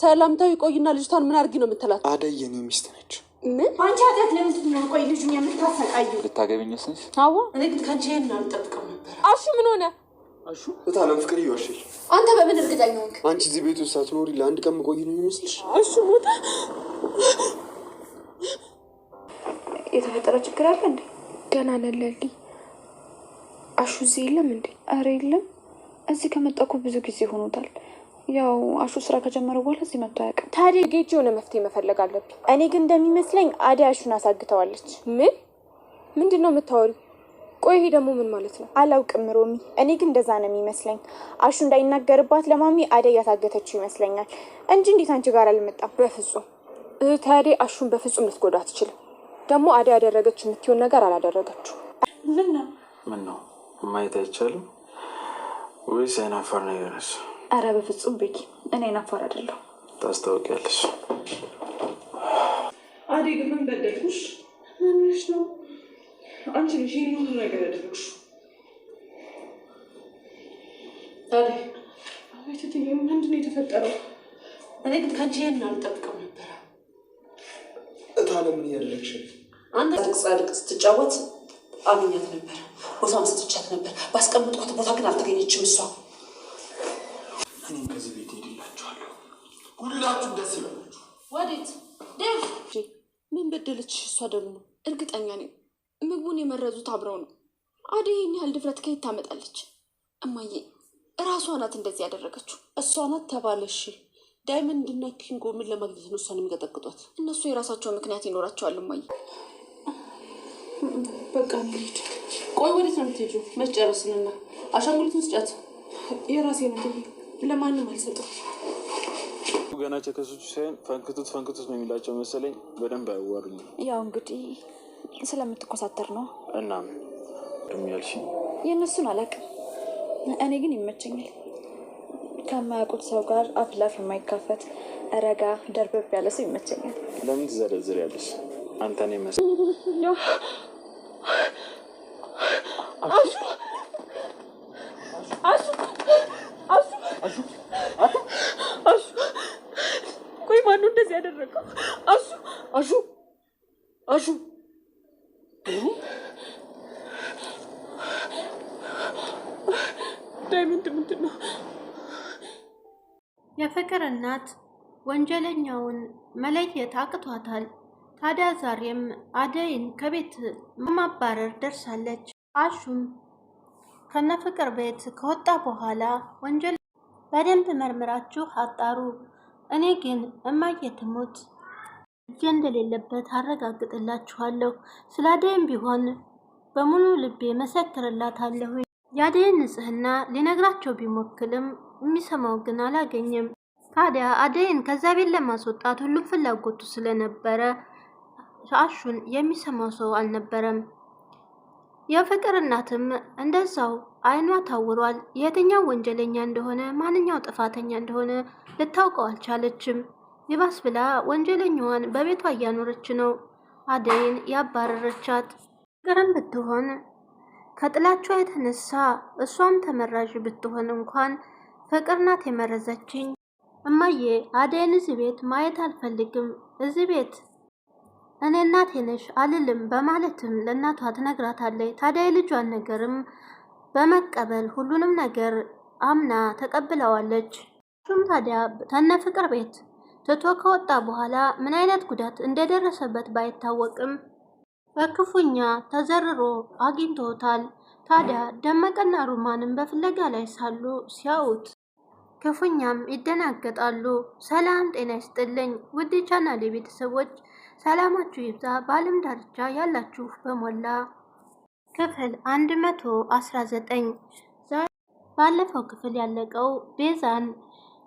ሰላምታዊ ቆይና ልጅቷን ምን አድርጊ ነው የምትላት? አደይ የኔ ሚስት ነች። ምን አንቺ ኃጢአት ለምንድን ነው ቆይ ልጁን የምታሰቃዩ? ልታገቢኝ ስንሽ አዎ፣ እኔ ግን ከአንቺ ይሄን አልጠብቀው ነበር። አሹ ምን ሆነ? አሹ እታለም ፍቅር ይዋሻል። አንተ በምን እርግጠኛ ሆንክ? አንቺ እዚህ ቤት ውስጥ ሳትኖሪ ለአንድ ቀን ቆይ ነው የሚመስልሽ? አሹ ሞተ። የተፈጠረ ችግር አለ እንዴ? ገና ነን አሹ እዚህ የለም እንዴ? አረ የለም። እዚህ ከመጣኩ ብዙ ጊዜ ሆኖታል። ያው አሹ ስራ ከጀመረ በኋላ እዚህ መጥቶ አያውቅም። ታዲያ ጌጅ የሆነ መፍትሄ መፈለግ አለብኝ። እኔ ግን እንደሚመስለኝ አዴ አሹን አሳግተዋለች። ምን ምንድን ነው የምታወሪው? ቆይ ይሄ ደግሞ ምን ማለት ነው? አላውቅም ሮሚ። እኔ ግን እንደዛ ነው የሚመስለኝ። አሹ እንዳይናገርባት ለማሚ አዴ እያሳገተችው ይመስለኛል እንጂ እንዴት አንቺ ጋር አልመጣም? በፍጹም እህቴ አዴ አሹን በፍጹም ልትጎዳ አትችልም። ደግሞ አዴ ያደረገች የምትሆን ነገር አላደረገችው። ምን ነው ምን ነው ማየት አይቻልም ወይስ አይናፋር ነው አረ በፍጹም ቤኪ፣ እኔ ናፋር አይደለሁ። ታስታውቂያለሽ። አዴ ግን ምን በደልኩሽ? ምንሽ ነው? አንቺ ነሽ ይህን ሁሉ ነገር ያደረግሽው። አዴ አቤት፣ እትዬ ምንድን ነው የተፈጠረው? እኔ ግን ከአንቺ ይህን አልጠብቅም ነበረ። እታለምን ለምን እያደረግሽ አንተ ጻድቅ ስትጫወት አግኛት ነበር፣ ቦታውን ስትቻት ነበር። ባስቀምጥኩት ቦታ ግን አልተገኘችም እሷ ከዚህ ቤት ሄድላችኋለሁ። ሁላችሁም ደስ ይበላችሁ። ወዴት ደፍ ምን በደለች? እሷ ደግሞ እርግጠኛ ነኝ ምግቡን የመረዙት አብረው ነው። አዴ ይህን ያህል ድፍረት ከየት ታመጣለች? እማዬ እራሷ ናት እንደዚህ ያደረገችው። እሷ ናት ተባለሽ። ዳይመንድ እና ኪንጎ ምን ለማግኘት ነው እሷን የሚቀጠቅጧት? እነሱ የራሳቸው ምክንያት ይኖራቸዋል። እማዬ በቃ ቆይ፣ ወዴት ነው የምትሄጂው? አሻንጉሊቱን ስጫት የራሴ ነው ለማንም አልሰጠው። ገና ቸከሶቹ ሳይሆን ፈንክቱት ፈንክቱት ነው የሚላቸው መሰለኝ። በደንብ አያዋሩኝ። ያው እንግዲህ ስለምትኮሳተር ነው። እናም ያልሽ የእነሱን አላውቅም። እኔ ግን ይመቸኛል። ከማያውቁት ሰው ጋር አፍላፍ የማይካፈት ረጋ ደርበብ ያለ ሰው ይመቸኛል። ለምን ትዘረዝር ያለሽ አንተ ነው መስ አሹ አሹ ቆይ፣ ማነው እንደዚህ ያደረገው? አሹ አሹ አሹ ዳይመንድ ምንድን ነው? የፍቅር እናት ወንጀለኛውን መለየት አቅቷታል። ታዲያ ዛሬም አደይን ከቤት ማባረር ደርሳለች። አሹም ከነፍቅር ቤት ከወጣ በኋላ ወንጀል በደንብ መርምራችሁ አጣሩ። እኔ ግን እማዬ ትሙት እጄ እንደሌለበት አረጋግጥላችኋለሁ። ስለ አደይም ቢሆን በሙሉ ልቤ መሰክርላታለሁ። የአደይን ንጽህና ሊነግራቸው ቢሞክልም የሚሰማው ግን አላገኘም። ታዲያ አደይን ከዛ ቤት ለማስወጣት ሁሉም ፍላጎቱ ስለነበረ አሹን የሚሰማው ሰው አልነበረም። የፍቅር እናትም እንደዛው አይኗ ታውሯል። የትኛው ወንጀለኛ እንደሆነ ማንኛው ጥፋተኛ እንደሆነ ልታውቀው አልቻለችም። ይባስ ብላ ወንጀለኛዋን በቤቷ እያኖረች ነው አደይን ያባረረቻት። ፍቅርም ብትሆን ከጥላቿ የተነሳ እሷም ተመራዥ ብትሆን እንኳን ፍቅር ናት የመረዘችኝ። እማዬ አደይን እዚህ ቤት ማየት አልፈልግም፣ እዚህ ቤት እኔ እናቴ ነሽ አልልም በማለትም ለእናቷ ትነግራታለች። ታዲያ የልጇን ነገርም በመቀበል ሁሉንም ነገር አምና ተቀብለዋለች። እሱም ታዲያ ተነ ፍቅር ቤት ትቶ ከወጣ በኋላ ምን አይነት ጉዳት እንደደረሰበት ባይታወቅም በክፉኛ ተዘርሮ አግኝቶታል። ታዲያ ደመቀና ሩማንም በፍለጋ ላይ ሳሉ ሲያዩት ክፉኛም ይደናገጣሉ። ሰላም ጤና ይስጥልኝ ውድ ቻናሌ ቤተሰቦች ሰላማችሁ ይብዛ። በዓለም ዳርቻ ያላችሁ በሞላ ክፍል 119 ባለፈው ክፍል ያለቀው ቤዛን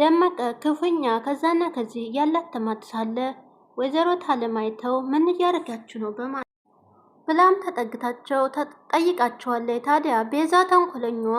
ደመቀ ክፉኛ ከዛና ከዚህ ያላተማት ሳለ ወይዘሮ ታለማይተው አይተው ምን እያደረጋችሁ ነው በማለት ብላም ተጠግታቸው ጠይቃቸዋለች። ታዲያ ቤዛ ተንኮለኛዋ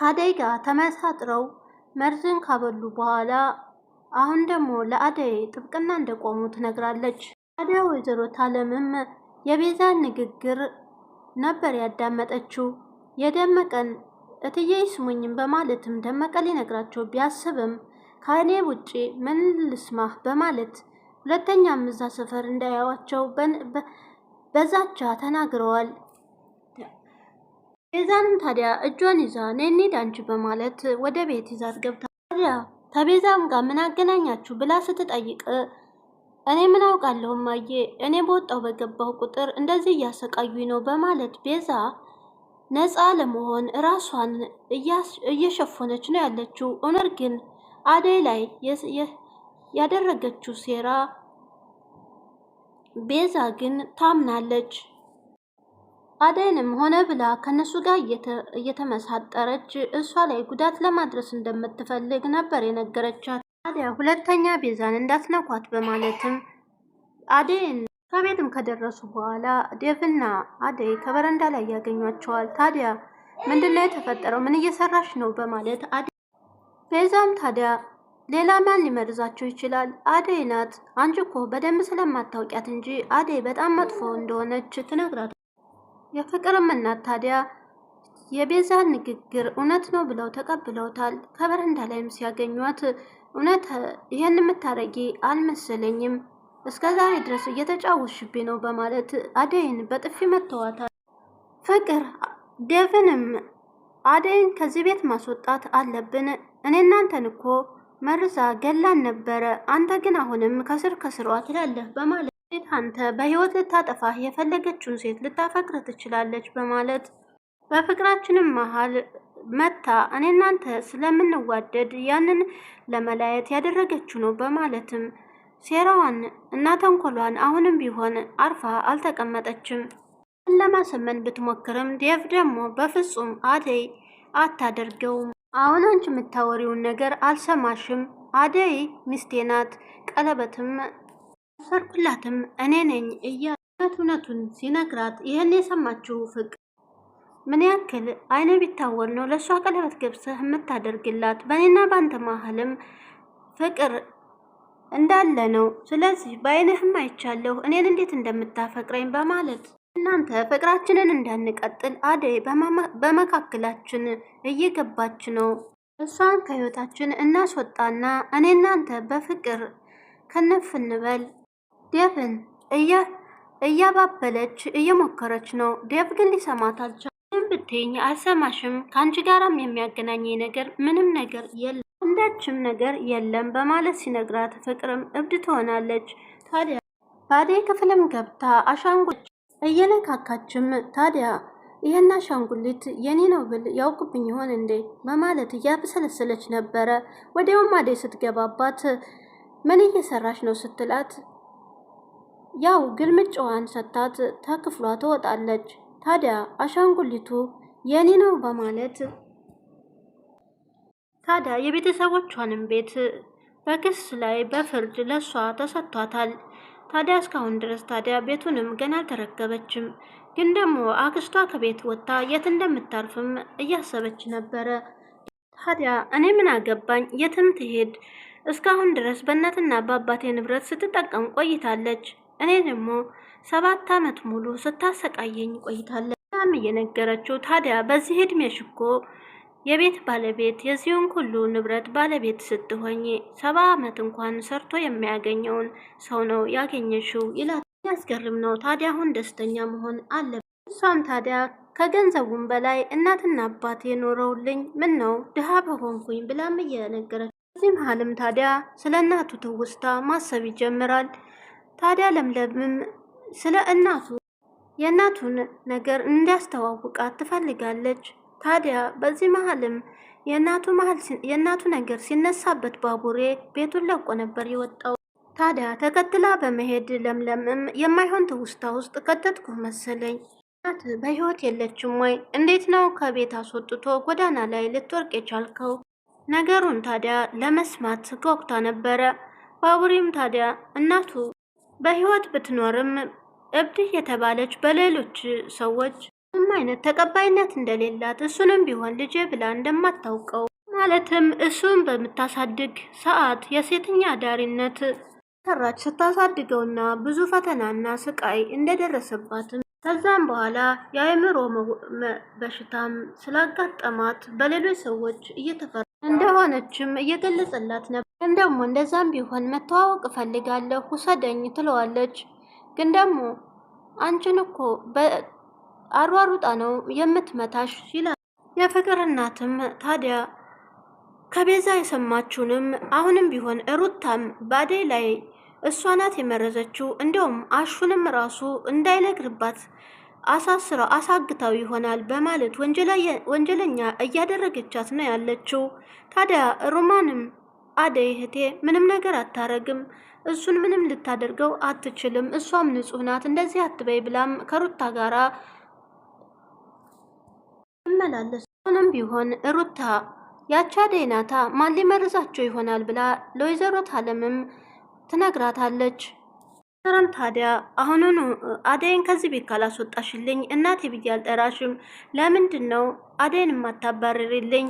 ካደይ ጋር ተመሳጥረው መርዝን ካበሉ በኋላ አሁን ደግሞ ለአደይ ጥብቅና እንደቆሙ ትነግራለች። ታዲያ ወይዘሮ ታለምም የቤዛን ንግግር ነበር ያዳመጠችው። የደመቀን እትዬ ስሙኝም በማለትም ደመቀ ሊነግራቸው ቢያስብም ከእኔ ውጪ ምን ልስማህ በማለት ሁለተኛ ምዛ ሰፈር እንዳያዋቸው በዛቻ ተናግረዋል። ቤዛንም ታዲያ እጇን ይዛ ነይ እንሂድ አንቺ በማለት ወደ ቤት ይዛት ገብታ ታዲያ ከቤዛም ጋር ምን አገናኛችሁ ብላ ስትጠይቅ እኔ ምን አውቃለሁ እማዬ፣ እኔ በወጣው በገባሁ ቁጥር እንደዚህ እያሰቃዩኝ ነው በማለት ቤዛ ነፃ ለመሆን ራሷን እየሸፈነች ነው ያለችው። እውነት ግን አደይ ላይ ያደረገችው ሴራ ቤዛ ግን ታምናለች። አደይንም ሆነ ብላ ከነሱ ጋር እየተመሳጠረች እሷ ላይ ጉዳት ለማድረስ እንደምትፈልግ ነበር የነገረቻት። ታዲያ ሁለተኛ ቤዛን እንዳትነኳት በማለትም አደይን ከቤትም ከደረሱ በኋላ ዴቭና አደይ ከበረንዳ ላይ ያገኟቸዋል። ታዲያ ምንድነው የተፈጠረው? ምን እየሰራሽ ነው? በማለት አደይ ቤዛም ታዲያ ሌላ ማን ሊመርዛቸው ይችላል? አደይ ናት። አንቺ እኮ በደንብ ስለማታውቂያት እንጂ አደይ በጣም መጥፎ እንደሆነች ትነግራት የፍቅርም እናት ታዲያ የቤዛን ንግግር እውነት ነው ብለው ተቀብለውታል። ከበረንዳ ላይም ሲያገኟት እውነት ይህን የምታረጊ አልመሰለኝም እስከ ዛሬ ድረስ እየተጫወትሽብኝ ነው በማለት አደይን በጥፊ መተዋታል። ፍቅር ዴቭንም አደይን ከዚህ ቤት ማስወጣት አለብን፣ እኔ እናንተን እኮ መርዛ ገላን ነበረ፣ አንተ ግን አሁንም ከስር ከስሯ ትላለህ በማለት ሴት አንተ በህይወት ልታጠፋህ የፈለገችውን ሴት ልታፈቅር ትችላለች በማለት በፍቅራችንም መሀል መታ እኔ እናንተ ስለምንዋደድ ያንን ለመላየት ያደረገችው ነው በማለትም ሴራዋን እና ተንኮሏን አሁንም ቢሆን አርፋ አልተቀመጠችም። ለማሰመን ብትሞክርም ዴቭ ደግሞ በፍጹም አደይ አታደርገውም። አሁን አንቺ የምታወሪውን ነገር አልሰማሽም። አደይ ሚስቴ ናት። ቀለበትም ያሰርኩላትም እኔ ነኝ እያለ እውነቱን ሲነግራት ይህን የሰማችው ፍቅር ምን ያክል አይነ ቢታወር ነው ለእሷ ቀለበት ገብሰህ የምታደርግላት? በእኔና በአንተ መሀልም ፍቅር እንዳለ ነው። ስለዚህ በአይንህም አይቻለሁ እኔን እንዴት እንደምታፈቅረኝ በማለት እናንተ ፍቅራችንን እንዳንቀጥል አደይ በመካከላችን እየገባች ነው። እሷን ከህይወታችን እናስወጣና እኔ እናንተ በፍቅር ከነፍንበል ዴቭን እያባበለች እየሞከረች ነው። ዴቭ ግን ሊሰማት አልቻለም። ብትይኝ አልሰማሽም፣ ከአንቺ ጋራም የሚያገናኝ ነገር ምንም ነገር የለም፣ አንዳችም ነገር የለም በማለት ሲነግራት ፍቅርም እብድ ትሆናለች። ታዲያ በአደይ ክፍልም ገብታ አሻንጉሊት እየነካካችም ታዲያ ይህን አሻንጉሊት የኔ ነው ብል ያውቅብኝ ይሆን እንዴ በማለት እያብሰለሰለች ነበረ። ወዲያውም አደይ ስትገባባት ምን እየሰራች ነው ስትላት ያው ግልምጫዋን ሰታት ተክፍሏ ትወጣለች። ታዲያ አሻንጉሊቱ የኔ ነው በማለት ታዲያ የቤተሰቦቿንም ቤት በክስ ላይ በፍርድ ለሷ ተሰጥቷታል። ታዲያ እስካሁን ድረስ ታዲያ ቤቱንም ገና አልተረከበችም። ግን ደግሞ አክስቷ ከቤት ወጥታ የት እንደምታርፍም እያሰበች ነበረ። ታዲያ እኔ ምን አገባኝ የትም ትሄድ፣ እስካሁን ድረስ በእናትና በአባቴ ንብረት ስትጠቀም ቆይታለች። እኔ ደግሞ ሰባት ዓመት ሙሉ ስታሰቃየኝ ቆይታለች። በጣም እየነገረችው ታዲያ በዚህ እድሜሽ እኮ የቤት ባለቤት የዚሁን ሁሉ ንብረት ባለቤት ስትሆኝ ሰባ ዓመት እንኳን ሰርቶ የሚያገኘውን ሰው ነው ያገኘሽው ይላት። ያስገርም ነው ታዲያ አሁን ደስተኛ መሆን አለበት። እሷም ታዲያ ከገንዘቡም በላይ እናትና አባት የኖረውልኝ ምን ነው ድሃ በሆንኩኝ ብላም እየነገረች በዚህ መሀልም ታዲያ ስለ እናቱ ትውስታ ማሰብ ይጀምራል። ታዲያ ለምለምም ስለ እናቱ የእናቱን ነገር እንዲያስተዋውቃት ትፈልጋለች። ታዲያ በዚህ መሀልም የእናቱ ነገር ሲነሳበት ባቡሬ ቤቱን ለቆ ነበር የወጣው። ታዲያ ተከትላ በመሄድ ለምለምም የማይሆን ትውስታ ውስጥ ከተትኩ መሰለኝ። እናት በህይወት የለችም ወይ? እንዴት ነው ከቤት አስወጥቶ ጎዳና ላይ ልትወርቅ የቻልከው? ነገሩን ታዲያ ለመስማት ከወቅቷ ነበረ። ባቡሬም ታዲያ እናቱ በህይወት ብትኖርም እብድ የተባለች በሌሎች ሰዎች ምንም አይነት ተቀባይነት እንደሌላት እሱንም ቢሆን ልጄ ብላ እንደማታውቀው ማለትም እሱን በምታሳድግ ሰዓት የሴተኛ አዳሪነት ሰራች ስታሳድገውና ብዙ ፈተናና ስቃይ እንደደረሰባትም ከዛም በኋላ የአእምሮ በሽታም ስላጋጠማት በሌሎች ሰዎች እየተፈ እንደሆነችም እየገለጸላት ነበር። ግን ደግሞ እንደዛም ቢሆን መተዋወቅ እፈልጋለሁ ውሰደኝ ትለዋለች። ግን ደግሞ አንቺን እኮ በአሯሩጣ ነው የምትመታሽ ይላል። የፍቅር እናትም ታዲያ ከቤዛ የሰማችውንም አሁንም ቢሆን ሩታም ባዴ ላይ እሷ ናት የመረዘችው፣ እንዲሁም አሹንም ራሱ እንዳይለግርባት አሳስረው አሳግታው ይሆናል በማለት ወንጀለኛ እያደረገቻት ነው ያለችው። ታዲያ ሮማንም አደይ እህቴ ምንም ነገር አታረግም፣ እሱን ምንም ልታደርገው አትችልም፣ እሷም ንጹህ ናት፣ እንደዚህ አትበይ ብላም ከሩታ ጋራ ትመላለስ። ሆኖም ቢሆን ሩታ ያቻ አደይ ናታ ማን ሊመርዛቸው ይሆናል ብላ ለወይዘሮ ታለምም ትነግራታለች። ሰላም ታዲያ አሁኑኑ አደይን ከዚህ ቤት ካላስወጣሽልኝ እናቴ ብዬ አልጠራሽም። ለምንድን ነው አደይን የማታባርሪልኝ?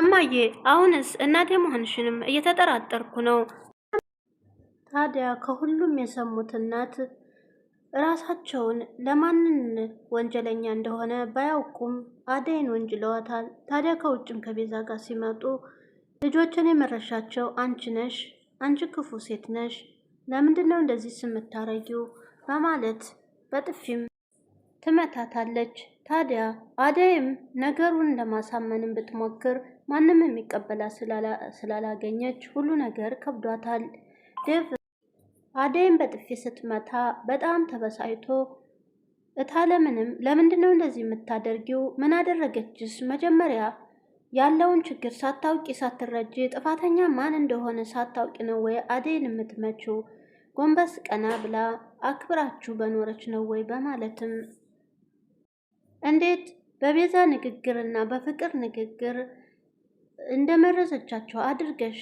እማዬ አሁንስ እናቴ መሆንሽንም እየተጠራጠርኩ ነው። ታዲያ ከሁሉም የሰሙት እናት ራሳቸውን ለማንን ወንጀለኛ እንደሆነ ባያውቁም አደይን ወንጅለዋታል። ታዲያ ከውጭም ከቤዛ ጋር ሲመጡ ልጆችን የመረሻቸው አንቺ ነሽ፣ አንቺ ክፉ ሴት ነሽ ለምንድን ነው እንደዚህ ስምታረጊው? በማለት በጥፊም ትመታታለች። ታዲያ አደይም ነገሩን ለማሳመንም ብትሞክር ማንም የሚቀበላ ስላላገኘች ሁሉ ነገር ከብዷታል። ዴቭ አደይም በጥፊ ስትመታ በጣም ተበሳይቶ እታለምንም ለምንድን ነው እንደዚህ የምታደርጊው? ምን አደረገችስ? መጀመሪያ ያለውን ችግር ሳታውቂ ሳትረጅ ጥፋተኛ ማን እንደሆነ ሳታውቂ ነው ወይ አደይን የምትመችው? ጎንበስ ቀና ብላ አክብራችሁ በኖረች ነው ወይ በማለትም እንዴት በቤዛ ንግግር እና በፍቅር ንግግር እንደመረዘቻቸው አድርገሽ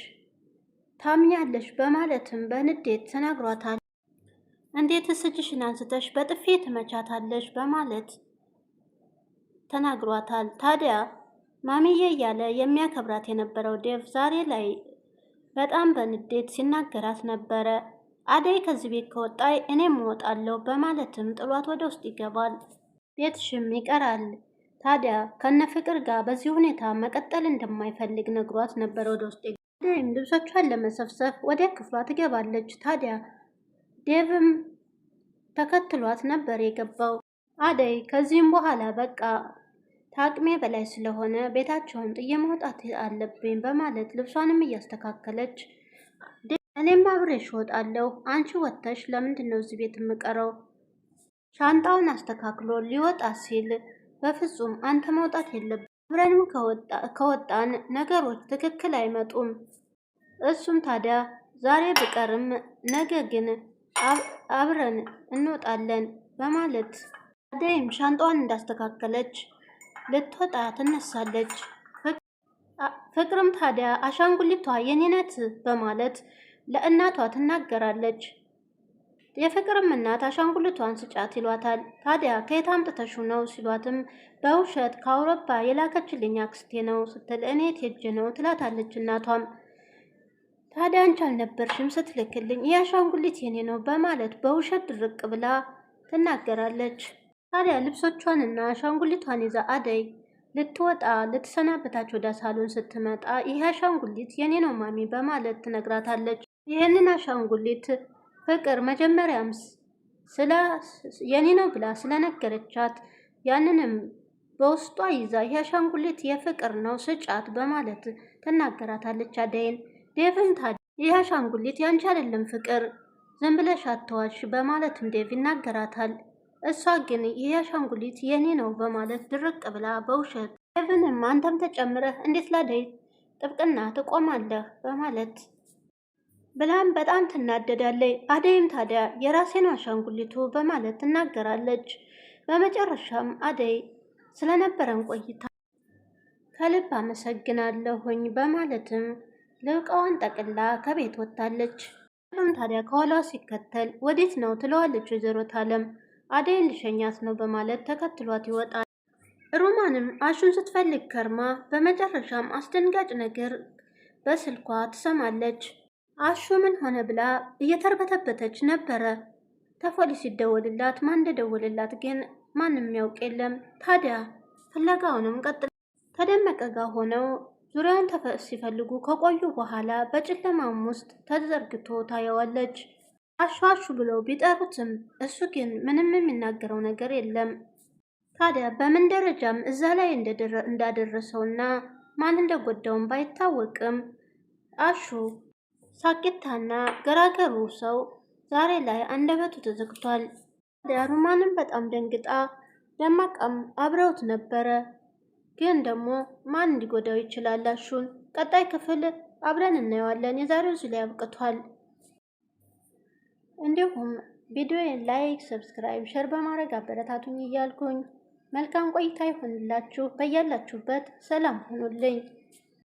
ታምኛለሽ በማለትም በንዴት ተናግሯታል። እንዴት እስጅሽን አንስተሽ በጥፌ ትመቻታለሽ በማለት ተናግሯታል። ታዲያ ማሚዬ እያለ የሚያከብራት የነበረው ዴቭ ዛሬ ላይ በጣም በንዴት ሲናገራት ነበረ። አደይ ከዚህ ቤት ከወጣይ እኔም እወጣለሁ በማለትም ጥሏት ወደ ውስጥ ይገባል። ቤትሽም ይቀራል። ታዲያ ከነ ፍቅር ጋር በዚህ ሁኔታ መቀጠል እንደማይፈልግ ነግሯት ነበረ። ወደ ውስጥ አደይም ልብሶቿን ለመሰብሰብ ወደ ክፍሏ ትገባለች። ታዲያ ዴቭም ተከትሏት ነበር የገባው። አደይ ከዚህም በኋላ በቃ ታቅሜ በላይ ስለሆነ ቤታቸውን ጥዬ መውጣት አለብኝ በማለት ልብሷንም እያስተካከለች እኔም አብሬሽ እወጣለሁ፣ አንቺ ወጥተሽ ለምንድን ነው እዚህ ቤት የምቀረው? ሻንጣውን አስተካክሎ ሊወጣ ሲል በፍጹም አንተ መውጣት የለብን፣ አብረንም ከወጣን ነገሮች ትክክል አይመጡም። እሱም ታዲያ ዛሬ ብቀርም ነገ ግን አብረን እንወጣለን በማለት አደይም ሻንጣዋን እንዳስተካከለች ልትወጣ ትነሳለች። ፍቅርም ታዲያ አሻንጉሊቷ የኔ ናት በማለት ለእናቷ ትናገራለች። የፍቅርም እናት አሻንጉሊቷን ስጫት ይሏታል። ታዲያ ከየት አምጥተሹ ነው ሲሏትም በውሸት ከአውሮፓ የላከችልኝ አክስቴ ነው ስትል እኔ ቴጅ ነው ትላታለች እናቷም። ታዲያ አንቺ አልነበርሽም ስትልክልኝ ይህ አሻንጉሊት የኔ ነው በማለት በውሸት ድርቅ ብላ ትናገራለች። ታዲያ ልብሶቿንና አሻንጉሊቷን ይዛ አደይ ልትወጣ ልትሰናበታች ወደ ሳሎን ስትመጣ ይህ አሻንጉሊት የኔ ነው ማሚ በማለት ትነግራታለች። ይህንን አሻንጉሊት ፍቅር መጀመሪያም ስለ የኔ ነው ብላ ስለነገረቻት ያንንም በውስጧ ይዛ ይህ አሻንጉሊት የፍቅር ነው ስጫት በማለት ትናገራታለች አደይን። ዴቭን ታዲያ ይህ አሻንጉሊት ያንቺ አይደለም ፍቅር ዝም ብለሽ አትዋሽ በማለትም ዴቭ ይናገራታል። እሷ ግን ይህ አሻንጉሊት የኔ ነው በማለት ድርቅ ብላ በውሸት ኤቨንም አንተም ተጨምረህ እንዴት ላደይ ጥብቅና ትቆማለህ በማለት ብላም በጣም ትናደዳለይ አደይም ታዲያ የራሴን አሻንጉሊቱ በማለት ትናገራለች። በመጨረሻም አደይ ስለነበረን ቆይታ ከልብ አመሰግናለሁኝ በማለትም ልብቃዋን ጠቅላ ከቤት ወጥታለች። ታዲያ ከኋላዋ ሲከተል ወዴት ነው ትለዋለች ወይዘሮ ታለም አደይን ልሸኛት ነው በማለት ተከትሏት ይወጣል። ሮማንም አሹን ስትፈልግ ከርማ በመጨረሻም አስደንጋጭ ነገር በስልኳ ትሰማለች። አሹ ምን ሆነ ብላ እየተርበተበተች ነበረ። ተፎሊ ሲደወልላት ማን እንደደወልላት ግን ማንም ያውቅ የለም። ታዲያ ፍለጋውንም ቀጥ ተደመቀ ጋር ሆነው ዙሪያውን ሲፈልጉ ከቆዩ በኋላ በጨለማም ውስጥ ተዘርግቶ ታየዋለች። አሹ ብለው ቢጠሩትም እሱ ግን ምንም የሚናገረው ነገር የለም። ታዲያ በምን ደረጃም እዛ ላይ እንዳደረሰውና ማን እንደጎዳውም ባይታወቅም አሹ ሳቂታና ገራገሩ ሰው ዛሬ ላይ አንደበቱ ተዘግቷል። ታዲያ ሩማንም በጣም ደንግጣ ደማቃም አብረውት ነበረ። ግን ደግሞ ማን እንዲጎዳው ይችላል? አሹን ቀጣይ ክፍል አብረን እናየዋለን። የዛሬው እዚህ ላይ አብቅቷል። እንዲሁም ቪዲዮ ላይክ፣ ሰብስክራይብ፣ ሸር በማድረግ አበረታቱኝ እያልኩኝ መልካም ቆይታ ይሆንላችሁ። በያላችሁበት ሰላም ሁኑልኝ።